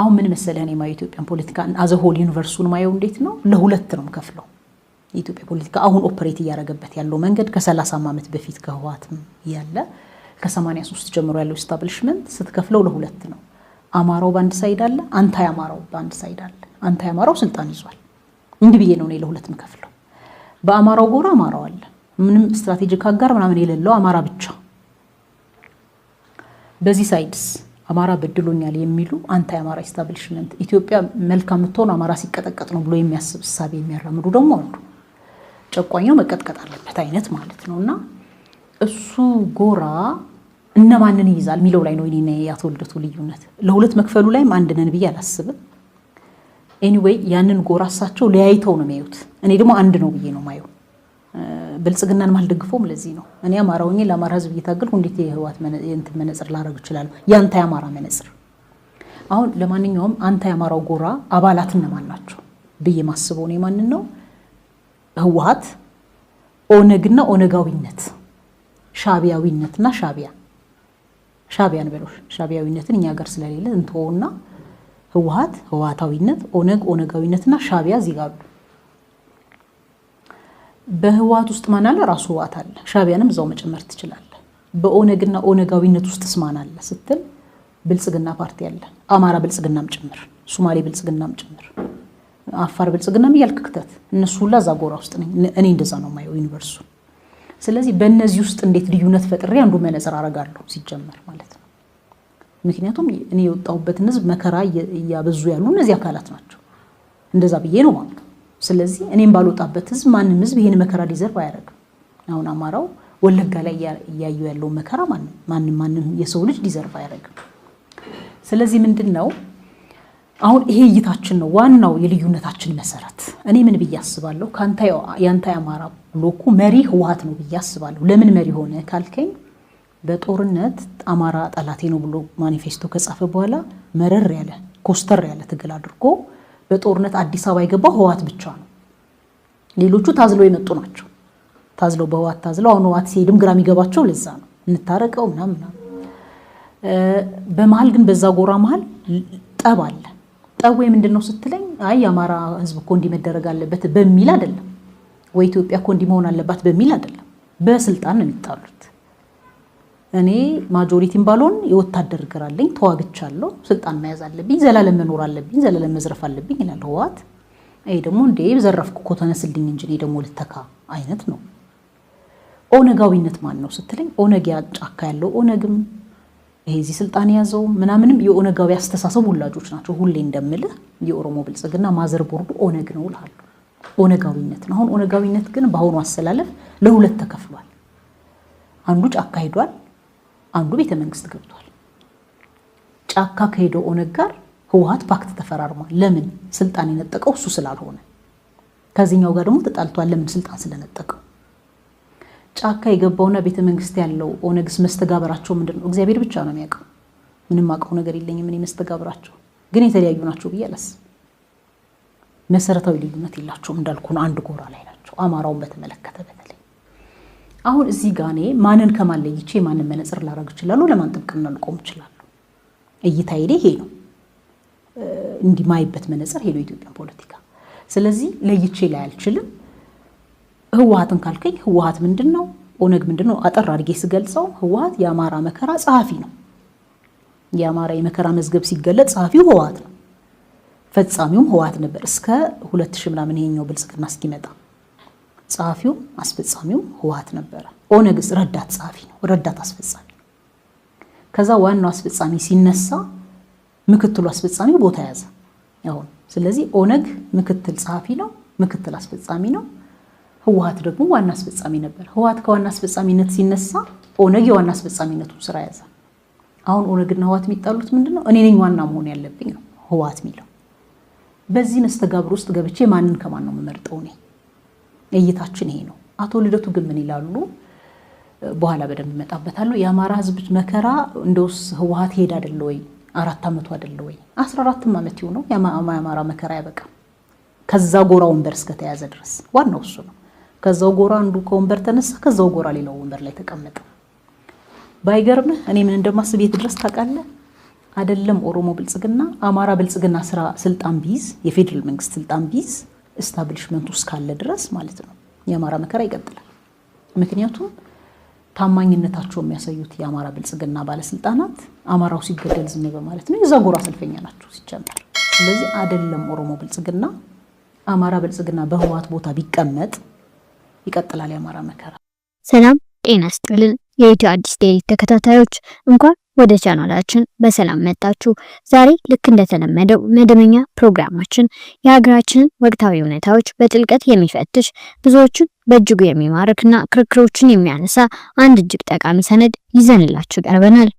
አሁን ምን መሰለህ እኔ ማየው ኢትዮጵያን ፖለቲካ አዘሆል ዩኒቨርሱን ማየው እንዴት ነው ለሁለት ነው ከፍለው የኢትዮጵያ ፖለቲካ አሁን ኦፕሬት እያደረገበት ያለው መንገድ ከሰላሳም ዓመት በፊት ከህወሓትም ያለ ከ83 ጀምሮ ያለው ኢስታብሊሽመንት ስትከፍለው ለሁለት ነው። አማራው በአንድ ሳይድ አለ፣ አንታይ አማራው በአንድ ሳይድ አለ። አንታ አማራው ስልጣን ይዟል። እንዲህ ብዬ ነው እኔ ለሁለት ምከፍለው። በአማራው ጎራ አማራው አለ፣ ምንም ስትራቴጂክ አጋር ምናምን የሌለው አማራ ብቻ። በዚህ ሳይድስ አማራ በድሎኛል የሚሉ አንተ የአማራ ኢስታብሊሽመንት ኢትዮጵያ መልካም የምትሆን አማራ ሲቀጠቀጥ ነው ብሎ የሚያስብ እሳቤ የሚያራምዱ ደግሞ አሉ። ጨቋኛው መቀጥቀጥ አለበት አይነት ማለት ነው። እና እሱ ጎራ እነማንን ይይዛል የሚለው ላይ ነው እኔና ያተወልደቱ ልዩነት። ለሁለት መክፈሉ ላይም አንድ ነን ብዬ አላስብም። ኤኒዌይ ያንን ጎራ እሳቸው ለያይተው ነው የሚያዩት። እኔ ደግሞ አንድ ነው ብዬ ነው ማየው። ብልጽግናን ማልደግፈውም ለዚህ ነው። እኔ አማራውኝ ለአማራ ህዝብ እየታገልኩ እንዴት የህወሓት እንትን መነጽር ላደርግ እችላለሁ? የአንተ የአማራ መነጽር አሁን ለማንኛውም አንተ የአማራው ጎራ አባላት እነማን ናቸው ብዬ ማስበው ነው ማንን ነው ህወሓት፣ ኦነግና ኦነጋዊነት፣ ሻቢያዊነትና ሻቢያ ሻቢያን በሎ ሻቢያዊነትን እኛ ጋር ስለሌለ እንተወውና ህወሓት፣ ህወሓታዊነት፣ ኦነግ፣ ኦነጋዊነትና ሻቢያ እዚህ ጋር አሉ። በህወሓት ውስጥ ማን አለ? ራሱ ህወሓት አለ። ሻቢያንም እዛው መጨመር ትችላለ። በኦነግና ኦነጋዊነት ውስጥ ማን አለ ስትል ብልጽግና ፓርቲ አለ፣ አማራ ብልጽግናም ጭምር፣ ሶማሌ ብልጽግናም ጭምር፣ አፋር ብልጽግናም እያልክ ክተት። እነሱ ሁላ እዛ ጎራ ውስጥ ነኝ እኔ እንደዛ ነው የማየው ዩኒቨርሱ። ስለዚህ በእነዚህ ውስጥ እንዴት ልዩነት ፈጥሬ አንዱ መነጽር አረጋለሁ ሲጀመር ማለት ነው። ምክንያቱም እኔ የወጣሁበትን ህዝብ መከራ እያበዙ ያሉ እነዚህ አካላት ናቸው። እንደዛ ብዬ ነው ማለት ነው። ስለዚህ እኔም ባልወጣበት ህዝብ ማንም ህዝብ ይህን መከራ ዲዘርቭ አያደርግም። አሁን አማራው ወለጋ ላይ እያዩ ያለው መከራ ማንም ማንም የሰው ልጅ ዲዘርቭ አያደርግም። ስለዚህ ምንድን ነው አሁን ይሄ እይታችን ነው ዋናው የልዩነታችን መሰረት። እኔ ምን ብዬ አስባለሁ? የአንተ የአማራ ብሎኩ መሪ ህወሓት ነው ብዬ አስባለሁ። ለምን መሪ ሆነ ካልከኝ በጦርነት አማራ ጠላቴ ነው ብሎ ማኒፌስቶ ከጻፈ በኋላ መረር ያለ ኮስተር ያለ ትግል አድርጎ በጦርነት አዲስ አበባ የገባው ህወሓት ብቻ ነው። ሌሎቹ ታዝለው የመጡ ናቸው። ታዝለው በህወሓት ታዝለው አሁን ህወሓት ሲሄድም ግራ የሚገባቸው ለዛ ነው። እንታረቀው ምናምን ምናምን። በመሀል ግን በዛ ጎራ መሀል ጠብ አለ። ጠብ ወይ ምንድን ነው ስትለኝ፣ አይ የአማራ ህዝብ እኮ እንዲህ መደረግ አለበት በሚል አይደለም፣ ወይ ኢትዮጵያ እኮ እንዲህ መሆን አለባት በሚል አይደለም። በስልጣን ነው የሚጣሉት። እኔ ማጆሪቲም ባልሆን የወታደር እግር አለኝ፣ ተዋግቻለሁ፣ ስልጣን መያዝ አለብኝ፣ ዘላለም መኖር አለብኝ፣ ዘላለም መዝረፍ አለብኝ ይላል ህወሓት። ይሄ ደግሞ እንደ ዘረፍኩ እኮ ተነስልኝ እንጂ እኔ ደግሞ ልተካ አይነት ነው። ኦነጋዊነት ማን ነው ስትለኝ፣ ኦነግ ጫካ ያለው ኦነግም ይሄ እዚህ ስልጣን የያዘው ምናምንም የኦነጋዊ አስተሳሰብ ወላጆች ናቸው። ሁሌ እንደምልህ የኦሮሞ ብልጽግና ማዘር ቦርዱ ኦነግ ነው እልሃለሁ። ኦነጋዊነት ነው። አሁን ኦነጋዊነት ግን በአሁኑ አሰላለፍ ለሁለት ተከፍሏል። አንዱ ጫካ ሄዷል። አንዱ ቤተ መንግስት ገብቷል። ጫካ ከሄደው ኦነግ ጋር ህወሀት ፓክት ተፈራርሟል። ለምን ስልጣን የነጠቀው እሱ ስላልሆነ፣ ከዚህኛው ጋር ደግሞ ተጣልቷል። ለምን ስልጣን ስለነጠቀው። ጫካ የገባውና ቤተ መንግስት ያለው ኦነግስ መስተጋበራቸው ምንድን ነው? እግዚአብሔር ብቻ ነው የሚያውቀው። ምንም አውቀው ነገር የለኝም ምን መስተጋብራቸው? ግን የተለያዩ ናቸው ብዬ አላስብም። መሰረታዊ ልዩነት የላቸውም። እንዳልኩ ነው፣ አንድ ጎራ ላይ ናቸው። አማራውን በተመለከተ በተለይ አሁን እዚህ ጋ እኔ ማንን ከማን ለይቼ ማንን መነጽር ላረግ እችላለሁ? ለማን ጥብቅና ልቆም እችላለሁ? እይታ ሄደ ይሄ ነው እንዲማይበት መነጽር ሄዶ ኢትዮጵያን ፖለቲካ ስለዚህ ለይቼ ላይ አልችልም። ህወሀትን ካልከኝ ህወሀት ምንድን ነው? ኦነግ ምንድን ነው? አጠር አድርጌ ስገልጸው ህወሀት የአማራ መከራ ጸሐፊ ነው። የአማራ የመከራ መዝገብ ሲገለ ጸሐፊው ህወሀት ነው። ፈጻሚውም ህወሀት ነበር እስከ ሁለት ሺህ ምናምን ይሄኛው ብልጽግና እስኪመጣ ጸሐፊው አስፈጻሚው ህወሓት ነበረ። ኦነግስ ረዳት ጸሐፊ ነው፣ ረዳት አስፈጻሚ ከዛ ዋናው አስፈጻሚ ሲነሳ ምክትሉ አስፈጻሚው ቦታ ያዘ። አሁን ስለዚህ ኦነግ ምክትል ጸሐፊ ነው፣ ምክትል አስፈጻሚ ነው። ህወሓት ደግሞ ዋና አስፈጻሚ ነበር። ህወሓት ከዋና አስፈጻሚነት ሲነሳ ኦነግ የዋና አስፈጻሚነቱን ስራ ያዘ። አሁን ኦነግና ህወሓት የሚጣሉት ምንድን ነው? እኔ ነኝ ዋና መሆን ያለብኝ ነው ህወሓት የሚለው። በዚህ መስተጋብር ውስጥ ገብቼ ማንን ከማን ነው የምመርጠው እኔ እይታችን ይሄ ነው። አቶ ልደቱ ግን ምን ይላሉ? በኋላ በደንብ እመጣበታለሁ። የአማራ ህዝብ መከራ እንደውስ ህወሀት ይሄድ አደለ ወይ? አራት ዓመቱ አደለ ወይ? አስራ አራትም ዓመት ነው የአማራ መከራ ያበቃ ከዛ ጎራ ወንበር እስከተያዘ ድረስ ዋናው እሱ ነው። ከዛው ጎራ አንዱ ከወንበር ተነሳ፣ ከዛው ጎራ ሌላው ወንበር ላይ ተቀመጠ። ባይገርምህ እኔ ምን እንደማስብ የት ድረስ ታውቃለህ? አይደለም ኦሮሞ ብልጽግና፣ አማራ ብልጽግና ስራ ስልጣን ቢይዝ የፌዴራል መንግስት ስልጣን ቢይዝ እስታብሊሽመንት ውስጥ ካለ ድረስ ማለት ነው የአማራ መከራ ይቀጥላል። ምክንያቱም ታማኝነታቸው የሚያሳዩት የአማራ ብልጽግና ባለስልጣናት አማራው ሲገደል ዝም በማለት ነው። የዛ ጎራ ሰልፈኛ ናቸው ሲጀመር። ስለዚህ አይደለም ኦሮሞ ብልጽግና አማራ ብልጽግና በህወሓት ቦታ ቢቀመጥ ይቀጥላል የአማራ መከራ። ሰላም ጤና ስጥልን የኢትዮ አዲስ ዴይሊ ተከታታዮች እንኳን ወደ ቻናላችን በሰላም መጣችሁ። ዛሬ ልክ እንደተለመደው መደበኛ ፕሮግራማችን የሀገራችንን ወቅታዊ ሁኔታዎች በጥልቀት የሚፈትሽ ብዙዎችን በእጅጉ የሚማርክና ክርክሮችን የሚያነሳ አንድ እጅግ ጠቃሚ ሰነድ ይዘንላችሁ ቀርበናል።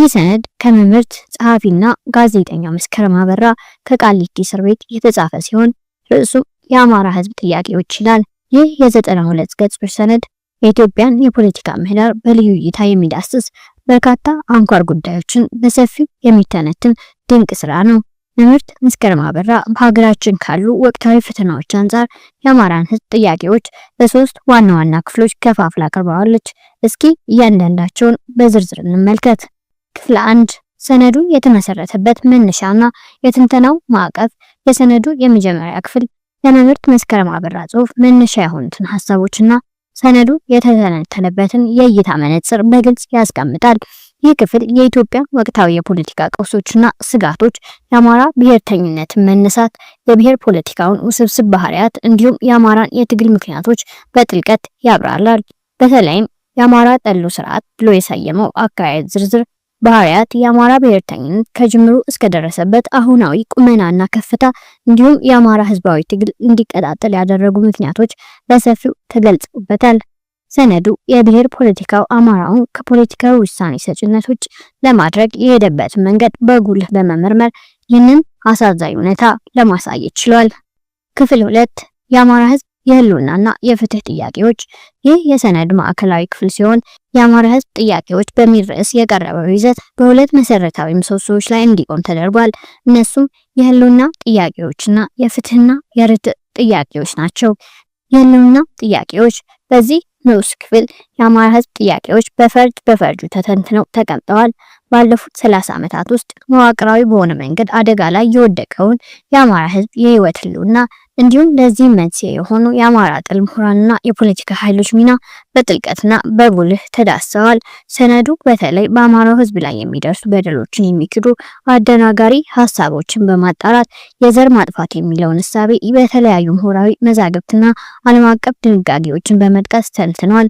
ይህ ሰነድ ከመምህርት ጸሐፊና ጋዜጠኛ መስከረም አበራ ከቃሊቲ እስር ቤት የተጻፈ ሲሆን ርዕሱም የአማራ ሕዝብ ጥያቄዎች ይላል። ይህ የዘጠና ሁለት ገጾች ሰነድ የኢትዮጵያን የፖለቲካ ምህዳር በልዩ እይታ የሚዳስስ በርካታ አንኳር ጉዳዮችን በሰፊው የሚተነትን ድንቅ ስራ ነው። ትምህርት መስከረም አበራ በሀገራችን ካሉ ወቅታዊ ፈተናዎች አንጻር የአማራን ህዝብ ጥያቄዎች በሶስት ዋና ዋና ክፍሎች ከፋፍላ አቅርበዋለች። እስኪ እያንዳንዳቸውን በዝርዝር እንመልከት። ክፍል አንድ ሰነዱ የተመሰረተበት መነሻና የትንተናው ማዕቀፍ። የሰነዱ የመጀመሪያ ክፍል ለትምህርት መስከረም አበራ ጽሑፍ መነሻ የሆኑትን ሀሳቦችና ሰነዱ የተተነተነበትን የእይታ መነጽር በግልጽ ያስቀምጣል። ይህ ክፍል የኢትዮጵያ ወቅታዊ የፖለቲካ ቀውሶችና ስጋቶች፣ የአማራ ብሔርተኝነትን መነሳት፣ የብሔር ፖለቲካውን ውስብስብ ባህሪያት እንዲሁም የአማራን የትግል ምክንያቶች በጥልቀት ያብራራል። በተለይም የአማራ ጠሉ ስርዓት ብሎ የሰየመው አካሄድ ዝርዝር ባህሪያት የአማራ ብሔርተኝነት ከጅምሩ እስከደረሰበት አሁናዊ ቁመናና ከፍታ እንዲሁም የአማራ ህዝባዊ ትግል እንዲቀጣጠል ያደረጉ ምክንያቶች በሰፊው ተገልጸውበታል። ሰነዱ የብሔር ፖለቲካው አማራውን ከፖለቲካዊ ውሳኔ ሰጭነት ውጭ ለማድረግ የሄደበትን መንገድ በጉልህ በመመርመር ይህንን አሳዛኝ ሁኔታ ለማሳየት ችሏል። ክፍል ሁለት የአማራ ህዝብ የህልውናና የፍትህ ጥያቄዎች። ይህ የሰነድ ማዕከላዊ ክፍል ሲሆን የአማራ ህዝብ ጥያቄዎች በሚል ርዕስ የቀረበው ይዘት በሁለት መሰረታዊ ምሰሶዎች ላይ እንዲቆም ተደርጓል። እነሱም የህልውና ጥያቄዎችና የፍትህና የርትዕ ጥያቄዎች ናቸው። የህልውና ጥያቄዎች በዚህ ንዑስ ክፍል የአማራ ህዝብ ጥያቄዎች በፈርጅ በፈርጁ ተተንትነው ተቀምጠዋል። ባለፉት 30 ዓመታት ውስጥ መዋቅራዊ በሆነ መንገድ አደጋ ላይ የወደቀውን የአማራ ህዝብ የህይወት ህልውና እንዲሁም ለዚህ መንስኤ የሆኑ የአማራ ጥል ምሁራንና የፖለቲካ ኃይሎች ሚና በጥልቀትና በጉልህ ተዳሰዋል። ሰነዱ በተለይ በአማራው ሕዝብ ላይ የሚደርሱ በደሎችን የሚክዱ አደናጋሪ ሀሳቦችን በማጣራት የዘር ማጥፋት የሚለውን እሳቤ በተለያዩ ምሁራዊ መዛግብትና ዓለም አቀፍ ድንጋጌዎችን በመጥቀስ ተንትኗል።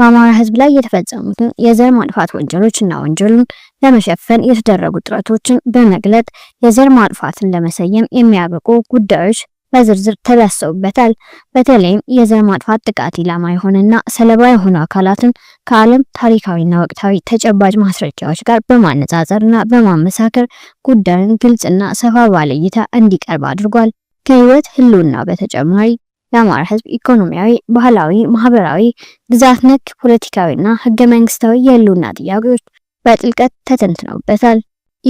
በአማራ ህዝብ ላይ የተፈጸሙትን የዘር ማጥፋት ወንጀሎች እና ወንጀሉን ለመሸፈን የተደረጉ ጥረቶችን በመግለጥ የዘር ማጥፋትን ለመሰየም የሚያበቁ ጉዳዮች በዝርዝር ተዳሰውበታል። በተለይም የዘር ማጥፋት ጥቃት ኢላማ የሆነና ሰለባ የሆኑ አካላትን ከዓለም ታሪካዊና ወቅታዊ ተጨባጭ ማስረጃዎች ጋር በማነጻጸርና በማመሳከር ጉዳዩን ግልጽና ሰፋ ባለ እይታ እንዲቀርብ አድርጓል። ከህይወት ህልውና በተጨማሪ የአማራ ህዝብ ኢኮኖሚያዊ፣ ባህላዊ፣ ማህበራዊ፣ ግዛት ነክ፣ ፖለቲካዊና ህገ መንግስታዊ የህልውና ጥያቄዎች በጥልቀት ተተንትነውበታል።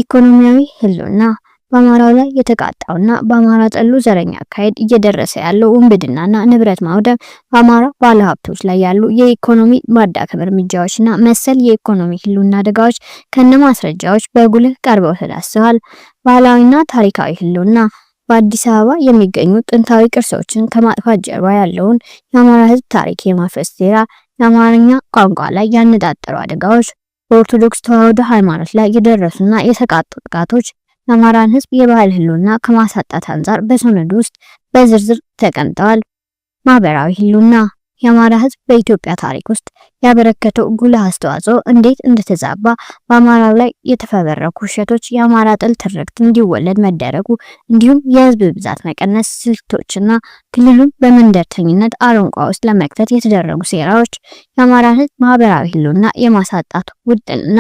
ኢኮኖሚያዊ ህልውና በአማራው ላይ የተቃጣውና በአማራ ጠሉ ዘረኛ አካሄድ እየደረሰ ያለው ውንብድናና ንብረት ማውደም በአማራ ባለሀብቶች ላይ ያሉ የኢኮኖሚ ማዳከም እርምጃዎችና መሰል የኢኮኖሚ ህልውና አደጋዎች ከነማስረጃዎች በጉልህ ቀርበው ተዳስሰዋል። ባህላዊና ታሪካዊ ህልውና በአዲስ አበባ የሚገኙ ጥንታዊ ቅርሶችን ከማጥፋት ጀርባ ያለውን የአማራ ህዝብ ታሪክ የማፍረስ ሴራ፣ የአማርኛ ቋንቋ ላይ ያነጣጠሩ አደጋዎች፣ በኦርቶዶክስ ተዋህዶ ሃይማኖት ላይ የደረሱና የተቃጡ ጥቃቶች፣ የአማራን ህዝብ የባህል ህልውና ከማሳጣት አንጻር በሰነዱ ውስጥ በዝርዝር ተቀምጠዋል። ማህበራዊ ህልውና የአማራ ህዝብ በኢትዮጵያ ታሪክ ውስጥ ያበረከተው ጉልህ አስተዋጽኦ እንዴት እንደተዛባ፣ በአማራ ላይ የተፈበረኩ ውሸቶች፣ የአማራ ጥል ትርክት እንዲወለድ መደረጉ፣ እንዲሁም የህዝብ ብዛት መቀነስ ስልቶችና ክልሉን በመንደርተኝነት አረንቋ ውስጥ ለመክተት የተደረጉ ሴራዎች፣ የአማራ ህዝብ ማህበራዊ ህልውና የማሳጣት ውጥንና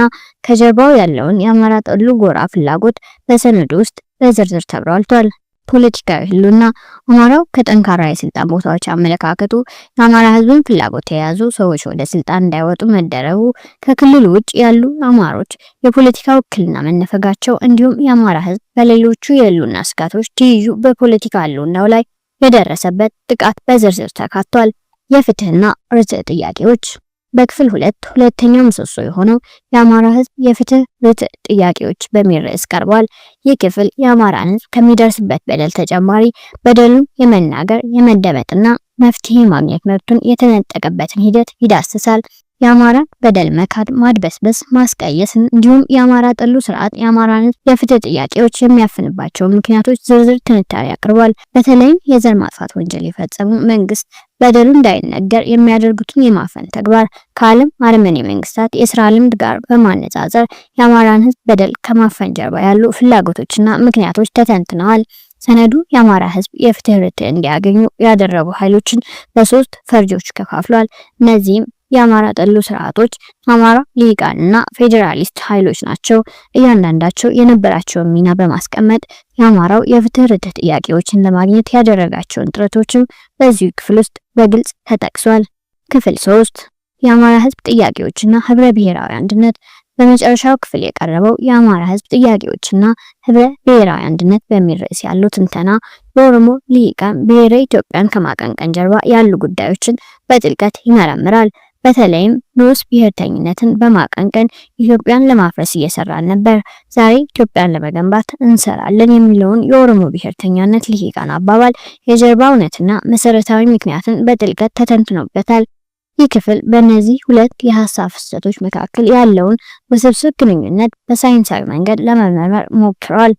ከጀርባው ያለውን የአማራ ጠሉ ጎራ ፍላጎት በሰነዱ ውስጥ በዝርዝር ተብራርቷል። ፖለቲካዊ ህሉና አማራው ከጠንካራ የስልጣን ቦታዎች አመለካከቱ የአማራ ህዝብን ፍላጎት የያዙ ሰዎች ወደ ስልጣን እንዳይወጡ መደረጉ ከክልል ውጭ ያሉ አማሮች የፖለቲካ ውክልና መነፈጋቸው እንዲሁም የአማራ ህዝብ በሌሎቹ የህሉና ስጋቶች ትይዩ በፖለቲካ ህሉናው ላይ የደረሰበት ጥቃት በዝርዝር ተካቷል። የፍትህና ርትዕ ጥያቄዎች በክፍል ሁለት ሁለተኛው ምሰሶ የሆነው የአማራ ህዝብ የፍትህ ርትዕ ጥያቄዎች በሚል ርዕስ ቀርቧል። ይህ ክፍል የአማራን ህዝብ ከሚደርስበት በደል ተጨማሪ በደሉን የመናገር የመደመጥና መፍትሄ ማግኘት መብቱን የተነጠቀበትን ሂደት ይዳስሳል። የአማራ በደል መካድ፣ ማድበስበስ፣ ማስቀየስን እንዲሁም የአማራ ጠሉ ስርዓት የአማራን የፍትህ ጥያቄዎች የሚያፍንባቸው ምክንያቶች ዝርዝር ትንታኔ አቅርቧል። በተለይም የዘር ማጥፋት ወንጀል የፈጸሙ መንግስት በደሉ እንዳይነገር የሚያደርጉትን የማፈን ተግባር ከዓለም አረመኔ መንግስታት የስራ ልምድ ጋር በማነጻጸር የአማራን ህዝብ በደል ከማፈን ጀርባ ያሉ ፍላጎቶችና ምክንያቶች ተተንትነዋል። ሰነዱ የአማራ ህዝብ የፍትህ ርትዕ እንዲያገኙ ያደረጉ ኃይሎችን በሶስት ፈርጆች ከፋፍሏል። እነዚህም የአማራ ጠሉ ስርዓቶች አማራ ሊቃንና ፌዴራሊስት ኃይሎች ናቸው። እያንዳንዳቸው የነበራቸውን ሚና በማስቀመጥ የአማራው የፍትህ ርትዕ ጥያቄዎችን ለማግኘት ያደረጋቸውን ጥረቶችም በዚሁ ክፍል ውስጥ በግልጽ ተጠቅሷል። ክፍል ሶስት የአማራ ህዝብ ጥያቄዎችና ህብረ ብሔራዊ አንድነት። በመጨረሻው ክፍል የቀረበው የአማራ ህዝብ ጥያቄዎችና ህብረ ብሔራዊ አንድነት በሚል ርዕስ ያለው ትንተና በኦሮሞ ልሂቃን ብሔረ ኢትዮጵያን ከማቀንቀን ጀርባ ያሉ ጉዳዮችን በጥልቀት ይመረምራል። በተለይም ሩስ ብሔርተኝነትን በማቀንቀን ኢትዮጵያን ለማፍረስ እየሰራ ነበር። ዛሬ ኢትዮጵያን ለመገንባት እንሰራለን የሚለውን የኦሮሞ ብሔርተኛነት ልሂቃን አባባል የጀርባ እውነትና መሰረታዊ ምክንያትን በጥልቀት ተተንትኖበታል። ይህ ክፍል በእነዚህ ሁለት የሀሳብ ፍሰቶች መካከል ያለውን ውስብስብ ግንኙነት በሳይንሳዊ መንገድ ለመመርመር ሞክረዋል።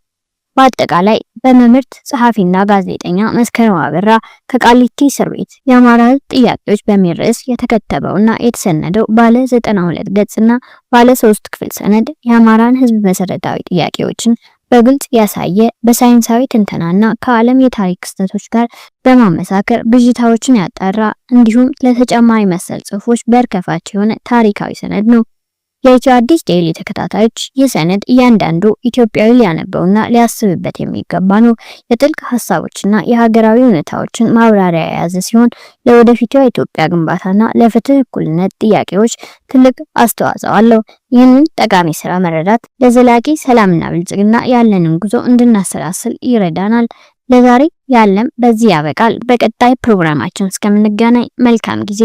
በአጠቃላይ በመምህርት ጸሐፊና ጋዜጠኛ መስከረም አበራ ከቃሊቲ እስር ቤት የአማራ ህዝብ ጥያቄዎች በሚል ርዕስ የተከተበውና የተሰነደው ባለ 92 ገጽና ባለ 3 ክፍል ሰነድ የአማራን ህዝብ መሰረታዊ ጥያቄዎችን በግልጽ ያሳየ በሳይንሳዊ ትንተናና ከዓለም የታሪክ ክስተቶች ጋር በማመሳከር ብዥታዎችን ያጣራ እንዲሁም ለተጨማሪ መሰል ጽሁፎች በር የሆነ ታሪካዊ ሰነድ ነው። የኢትዮ አዲስ ዴይሊ ተከታታዮች ይህ ሰነድ እያንዳንዱ ኢትዮጵያዊ ሊያነበውና ሊያስብበት የሚገባ ነው። የጥልቅ ሀሳቦችና የሀገራዊ እውነታዎችን ማብራሪያ የያዘ ሲሆን ለወደፊቷ የኢትዮጵያ ግንባታና ለፍትህ እኩልነት ጥያቄዎች ትልቅ አስተዋጽኦ አለው። ይህንን ጠቃሚ ስራ መረዳት ለዘላቂ ሰላምና ብልጽግና ያለንን ጉዞ እንድናሰላስል ይረዳናል። ለዛሬ ያለም በዚህ ያበቃል። በቀጣይ ፕሮግራማችን እስከምንገናኝ መልካም ጊዜ